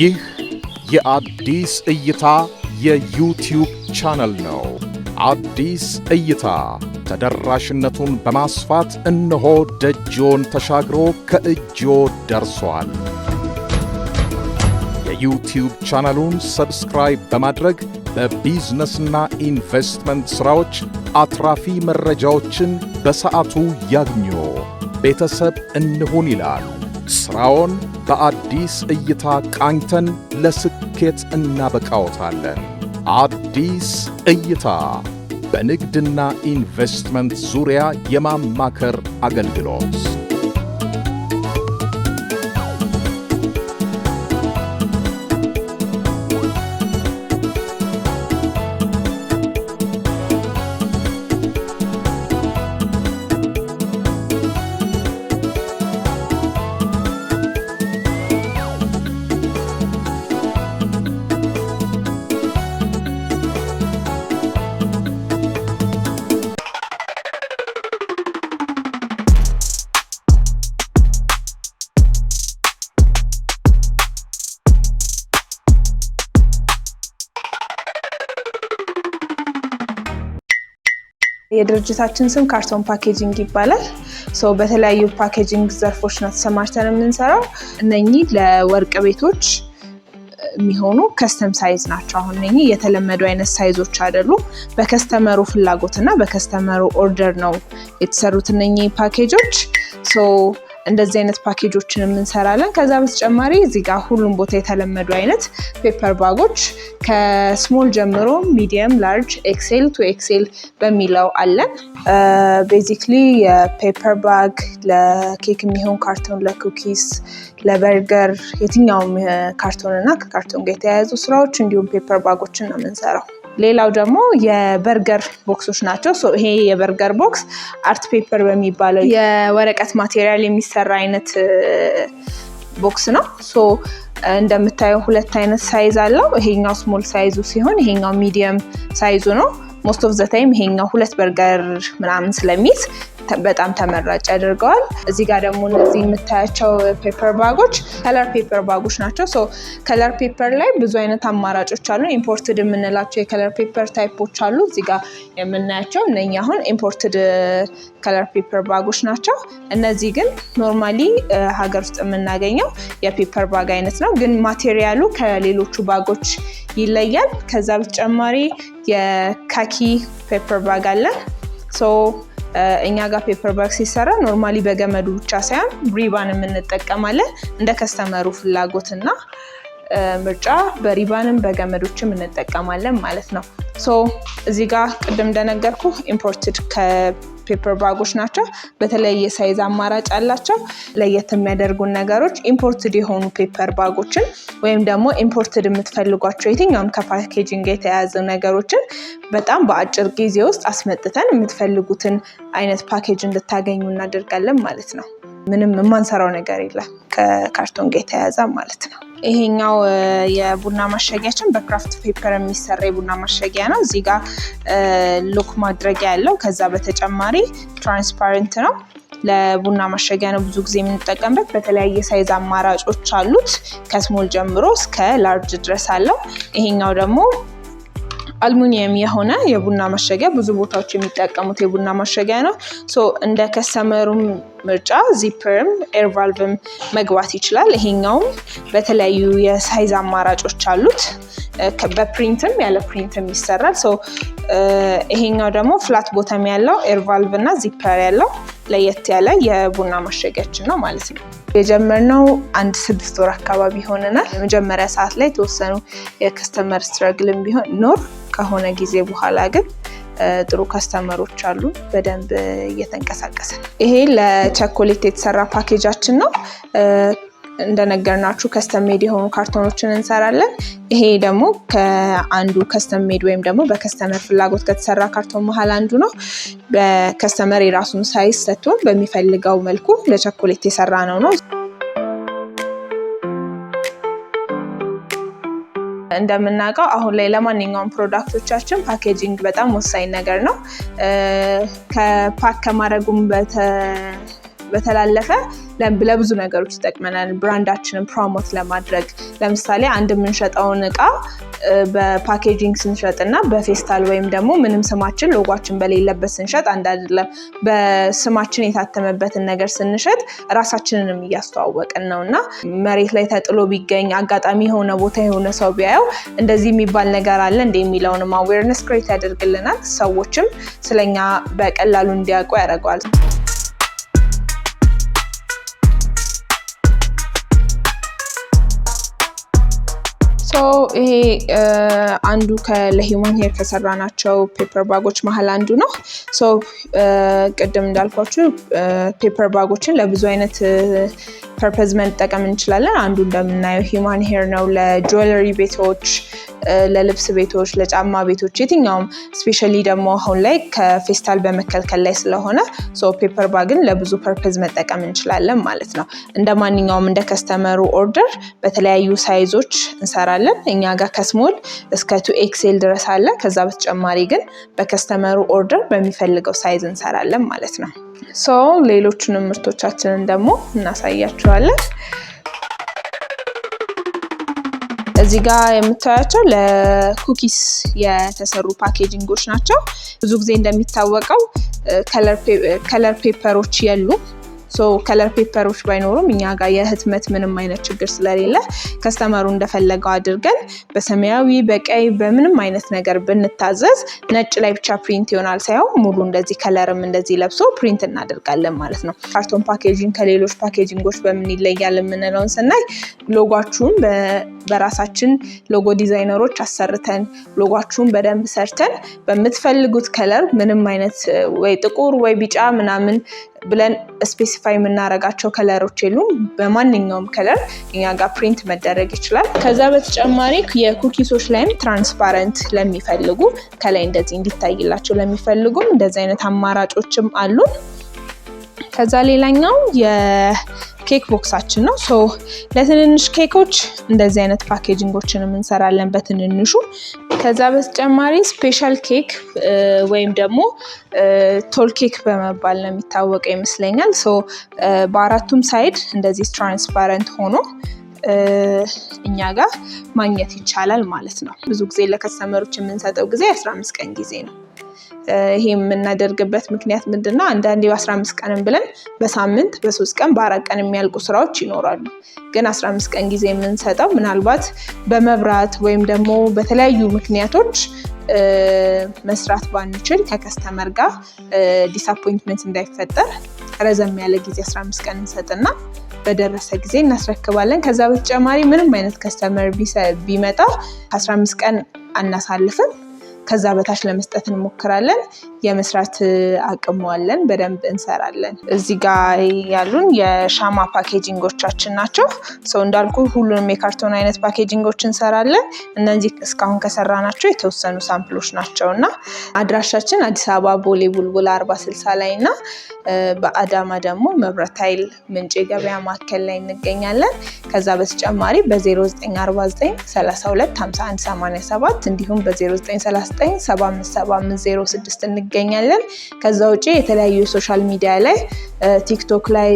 ይህ የአዲስ እይታ የዩቲዩብ ቻነል ነው። አዲስ እይታ ተደራሽነቱን በማስፋት እነሆ ደጅዎን ተሻግሮ ከእጅዎ ደርሷል። የዩቲዩብ ቻናሉን ሰብስክራይብ በማድረግ በቢዝነስና ኢንቨስትመንት ሥራዎች አትራፊ መረጃዎችን በሰዓቱ ያግኙ። ቤተሰብ እንሁን ይላል ሥራውን በአዲስ እይታ ቃኝተን ለስኬት እናበቃዎታለን። አዲስ እይታ በንግድና ኢንቨስትመንት ዙሪያ የማማከር አገልግሎት የድርጅታችን ስም ካርቶን ፓኬጂንግ ይባላል። በተለያዩ ፓኬጂንግ ዘርፎች ነው ተሰማርተን የምንሰራው። እነኚህ ለወርቅ ቤቶች የሚሆኑ ከስተም ሳይዝ ናቸው። አሁን እነኚህ የተለመዱ አይነት ሳይዞች አይደሉም። በከስተመሩ ፍላጎት እና በከስተመሩ ኦርደር ነው የተሰሩት እነኚህ ፓኬጆች። እንደዚህ አይነት ፓኬጆችንም እንሰራለን። ከዛ በተጨማሪ እዚህ ጋር ሁሉም ቦታ የተለመዱ አይነት ፔፐር ባጎች ከስሞል ጀምሮ ሚዲየም፣ ላርጅ፣ ኤክሴል ቱ ኤክሴል በሚለው አለን። ቤዚክሊ የፔፐር ባግ ለኬክ የሚሆን ካርቶን፣ ለኩኪስ፣ ለበርገር የትኛውም ካርቶን እና ከካርቶን ጋር የተያያዙ ስራዎች እንዲሁም ፔፐር ባጎችን ነው የምንሰራው። ሌላው ደግሞ የበርገር ቦክሶች ናቸው። ይሄ የበርገር ቦክስ አርት ፔፐር በሚባለው የወረቀት ማቴሪያል የሚሰራ አይነት ቦክስ ነው። ሶ እንደምታየው ሁለት አይነት ሳይዝ አለው። ይሄኛው ስሞል ሳይዙ ሲሆን ይሄኛው ሚዲየም ሳይዙ ነው። ሞስት ኦፍ ዘ ታይም ይሄኛው ሁለት በርገር ምናምን ስለሚይዝ በጣም ተመራጭ ያደርገዋል። እዚህ ጋር ደግሞ እነዚህ የምታያቸው ፔፐር ባጎች ከለር ፔፐር ባጎች ናቸው። ሶ ከለር ፔፐር ላይ ብዙ አይነት አማራጮች አሉ። ኢምፖርትድ የምንላቸው የከለር ፔፐር ታይፖች አሉ። እዚህ ጋር የምናያቸው እነኛ አሁን ኢምፖርትድ ከለር ፔፐር ባጎች ናቸው። እነዚህ ግን ኖርማሊ ሀገር ውስጥ የምናገኘው የፔፐር ባግ አይነት ነው። ግን ማቴሪያሉ ከሌሎቹ ባጎች ይለያል። ከዛ በተጨማሪ የካኪ ፔፐር ባግ አለ ሶ እኛ ጋር ፔፐር ባግ ሲሰራ ኖርማሊ በገመዱ ብቻ ሳይሆን ሪባን የምንጠቀማለን እንደ ከስተመሩ ፍላጎትና ምርጫ በሪባንም በገመዶችም እንጠቀማለን ማለት ነው። ሶ እዚህ ጋር ቅድም እንደነገርኩ ኢምፖርትድ ከፔፐር ባጎች ናቸው። በተለያየ ሳይዝ አማራጭ አላቸው። ለየት የሚያደርጉን ነገሮች ኢምፖርትድ የሆኑ ፔፐር ባጎችን ወይም ደግሞ ኢምፖርትድ የምትፈልጓቸው የትኛውም ከፓኬጂንግ የተያያዘ ነገሮችን በጣም በአጭር ጊዜ ውስጥ አስመጥተን የምትፈልጉትን አይነት ፓኬጅ እንድታገኙ እናደርጋለን ማለት ነው። ምንም የማንሰራው ነገር የለም ከካርቶን ጋር የተያያዘ ማለት ነው። ይሄኛው የቡና ማሸጊያችን በክራፍት ፔፐር የሚሰራ የቡና ማሸጊያ ነው። እዚህ ጋር ሎክ ማድረጊያ ያለው፣ ከዛ በተጨማሪ ትራንስፓረንት ነው። ለቡና ማሸጊያ ነው ብዙ ጊዜ የምንጠቀምበት። በተለያየ ሳይዝ አማራጮች አሉት። ከስሞል ጀምሮ እስከ ላርጅ ድረስ አለው። ይሄኛው ደግሞ አልሙኒየም የሆነ የቡና ማሸጊያ ብዙ ቦታዎች የሚጠቀሙት የቡና ማሸጊያ ነው። እንደ ከስተመሩ ምርጫ ዚፐርም ኤርቫልቭም መግባት ይችላል። ይሄኛውም በተለያዩ የሳይዝ አማራጮች አሉት። በፕሪንትም ያለ ፕሪንትም ይሰራል። ይሄኛው ደግሞ ፍላት ቦተም ያለው ኤርቫልቭ እና ዚፐር ያለው ለየት ያለ የቡና ማሸጊያችን ነው ማለት ነው። የጀመርነው አንድ ስድስት ወር አካባቢ ሆነናል። የመጀመሪያ ሰዓት ላይ የተወሰኑ የከስተመር ስትረግልም ቢሆን ኖር ከሆነ ጊዜ በኋላ ግን ጥሩ ከስተመሮች አሉ። በደንብ እየተንቀሳቀሰ ይሄ ለቸኮሌት የተሰራ ፓኬጃችን ነው። እንደነገርናችሁ ከስተም ሜድ የሆኑ ካርቶኖችን እንሰራለን። ይሄ ደግሞ ከአንዱ ከስተም ሜድ ወይም ደግሞ በከስተመር ፍላጎት ከተሰራ ካርቶን መሀል አንዱ ነው። በከስተመር የራሱን ሳይዝ ሰጥቶን በሚፈልገው መልኩ ለቸኮሌት የሰራ ነው ነው እንደምናውቀው አሁን ላይ ለማንኛውም ፕሮዳክቶቻችን ፓኬጂንግ በጣም ወሳኝ ነገር ነው። ከፓክ ከማድረጉም በተላለፈ ለብዙ ነገሮች ይጠቅመናል። ብራንዳችንን ፕሮሞት ለማድረግ ለምሳሌ አንድ የምንሸጠውን እቃ በፓኬጂንግ ስንሸጥ እና በፌስታል ወይም ደግሞ ምንም ስማችን ሎጓችን በሌለበት ስንሸጥ አንድ አይደለም። በስማችን የታተመበትን ነገር ስንሸጥ ራሳችንንም እያስተዋወቅን ነው እና መሬት ላይ ተጥሎ ቢገኝ አጋጣሚ የሆነ ቦታ የሆነ ሰው ቢያየው እንደዚህ የሚባል ነገር አለ እንደ የሚለውንም አዌርነስ ክሬት ያደርግልናል። ሰዎችም ስለኛ በቀላሉ እንዲያውቁ ያደርገዋል። ይሄ አንዱ ለሂውማን ሄር ናቸው ፔፐር ባጎች መሀል አንዱ ነው። ቅድም እንዳልኳችሁ ፔፐር ባጎችን ለብዙ አይነት ፐርፐዝ መጠቀም እንችላለን። አንዱ እንደምናየው ሂውማን ሄር ነው ለጆለሪ ቤቶች ለልብስ ቤቶች፣ ለጫማ ቤቶች የትኛውም ስፔሻሊ ደግሞ አሁን ላይ ከፌስታል በመከልከል ላይ ስለሆነ ፔፐር ባግን ለብዙ ፐርፐዝ መጠቀም እንችላለን ማለት ነው። እንደ ማንኛውም እንደ ከስተመሩ ኦርደር በተለያዩ ሳይዞች እንሰራለን። እኛ ጋር ከስሞል እስከ ቱ ኤክሴል ድረስ አለ። ከዛ በተጨማሪ ግን በከስተመሩ ኦርደር በሚፈልገው ሳይዝ እንሰራለን ማለት ነው። ሶ ሌሎቹንም ምርቶቻችንን ደግሞ እናሳያችኋለን። እዚህ ጋር የምታያቸው ለኩኪስ የተሰሩ ፓኬጂንጎች ናቸው። ብዙ ጊዜ እንደሚታወቀው ከለር uh, ፔፐሮች uh, የሉም። ከለር ፔፐሮች ባይኖሩም እኛ ጋር የህትመት ምንም አይነት ችግር ስለሌለ ከስተመሩ እንደፈለገው አድርገን በሰማያዊ በቀይ በምንም አይነት ነገር ብንታዘዝ ነጭ ላይ ብቻ ፕሪንት ይሆናል ሳይሆን ሙሉ እንደዚህ ከለርም እንደዚህ ለብሶ ፕሪንት እናደርጋለን ማለት ነው። ካርቶን ፓኬጂንግ ከሌሎች ፓኬጂንጎች በምን ይለያል የምንለውን ስናይ ሎጓችሁን በራሳችን ሎጎ ዲዛይነሮች አሰርተን ሎጓችሁን በደንብ ሰርተን በምትፈልጉት ከለር ምንም አይነት ወይ ጥቁር ወይ ቢጫ ምናምን ብለን ስፔሲፋይ የምናረጋቸው ከለሮች የሉም። በማንኛውም ከለር እኛ ጋር ፕሪንት መደረግ ይችላል። ከዛ በተጨማሪ የኩኪሶች ላይም ትራንስፓረንት ለሚፈልጉ ከላይ እንደዚህ እንዲታይላቸው ለሚፈልጉም እንደዚህ አይነት አማራጮችም አሉ። ከዛ ሌላኛው ኬክ ቦክሳችን ነው። ሶ ለትንንሽ ኬኮች እንደዚህ አይነት ፓኬጂንጎችንም እንሰራለን በትንንሹ። ከዛ በተጨማሪ ስፔሻል ኬክ ወይም ደግሞ ቶል ኬክ በመባል ነው የሚታወቀው ይመስለኛል። ሶ በአራቱም ሳይድ እንደዚህ ትራንስፓረንት ሆኖ እኛ ጋር ማግኘት ይቻላል ማለት ነው። ብዙ ጊዜ ለከስተመሮች የምንሰጠው ጊዜ 15 ቀን ጊዜ ነው። ይሄ የምናደርግበት ምክንያት ምንድን ነው? አንዳንዴ በ አምስት ቀንም ብለን በሳምንት በሶስት ቀን በአራት ቀን የሚያልቁ ስራዎች ይኖራሉ። ግን አምስት ቀን ጊዜ የምንሰጠው ምናልባት በመብራት ወይም ደግሞ በተለያዩ ምክንያቶች መስራት ባንችል ከከስተመር ጋር ዲስአፖይንትመንት እንዳይፈጠር ረዘም ያለ ጊዜ 15 ቀን እንሰጥና በደረሰ ጊዜ እናስረክባለን። ከዛ በተጨማሪ ምንም አይነት ከስተመር ቢመጣ 15 ቀን አናሳልፍም። ከዛ በታች ለመስጠት እንሞክራለን። የመስራት አቅመዋለን በደንብ እንሰራለን። እዚህ ጋ ያሉን የሻማ ፓኬጂንጎቻችን ናቸው። ሰው እንዳልኩ ሁሉንም የካርቶን አይነት ፓኬጂንጎች እንሰራለን። እነዚህ እስካሁን ከሰራ ናቸው የተወሰኑ ሳምፕሎች ናቸው እና አድራሻችን አዲስ አበባ ቦሌ ቡልቡል አርባ ስልሳ ላይ እና በአዳማ ደግሞ መብረት ኃይል ምንጭ የገበያ ማዕከል ላይ እንገኛለን። ከዛ በተጨማሪ በ0949 32 51 87 እንዲሁም በ09 0975750506 እንገኛለን። ከዛ ውጭ የተለያዩ የሶሻል ሚዲያ ላይ ቲክቶክ ላይ፣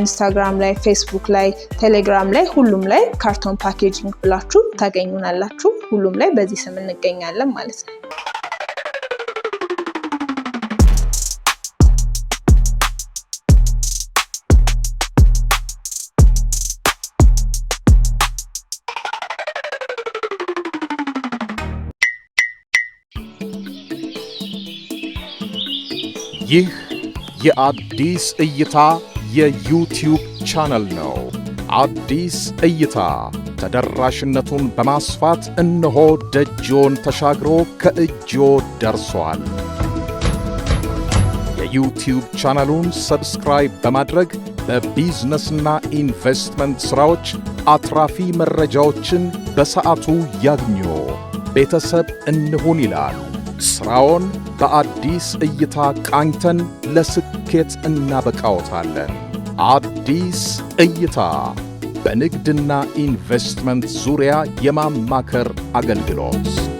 ኢንስታግራም ላይ፣ ፌስቡክ ላይ፣ ቴሌግራም ላይ ሁሉም ላይ ካርቶን ፓኬጂንግ ብላችሁ ታገኙናላችሁ። ሁሉም ላይ በዚህ ስም እንገኛለን ማለት ነው። ይህ የአዲስ እይታ የዩቲዩብ ቻነል ነው። አዲስ እይታ ተደራሽነቱን በማስፋት እነሆ ደጅዎን ተሻግሮ ከእጅዎ ደርሷል። የዩቲዩብ ቻናሉን ሰብስክራይብ በማድረግ በቢዝነስና ኢንቨስትመንት ሥራዎች አትራፊ መረጃዎችን በሰዓቱ ያግኙ። ቤተሰብ እንሁን ይላል ሥራውን በአዲስ እይታ ቃኝተን ለስኬት እናበቃዎታለን። አዲስ እይታ በንግድና ኢንቨስትመንት ዙሪያ የማማከር አገልግሎት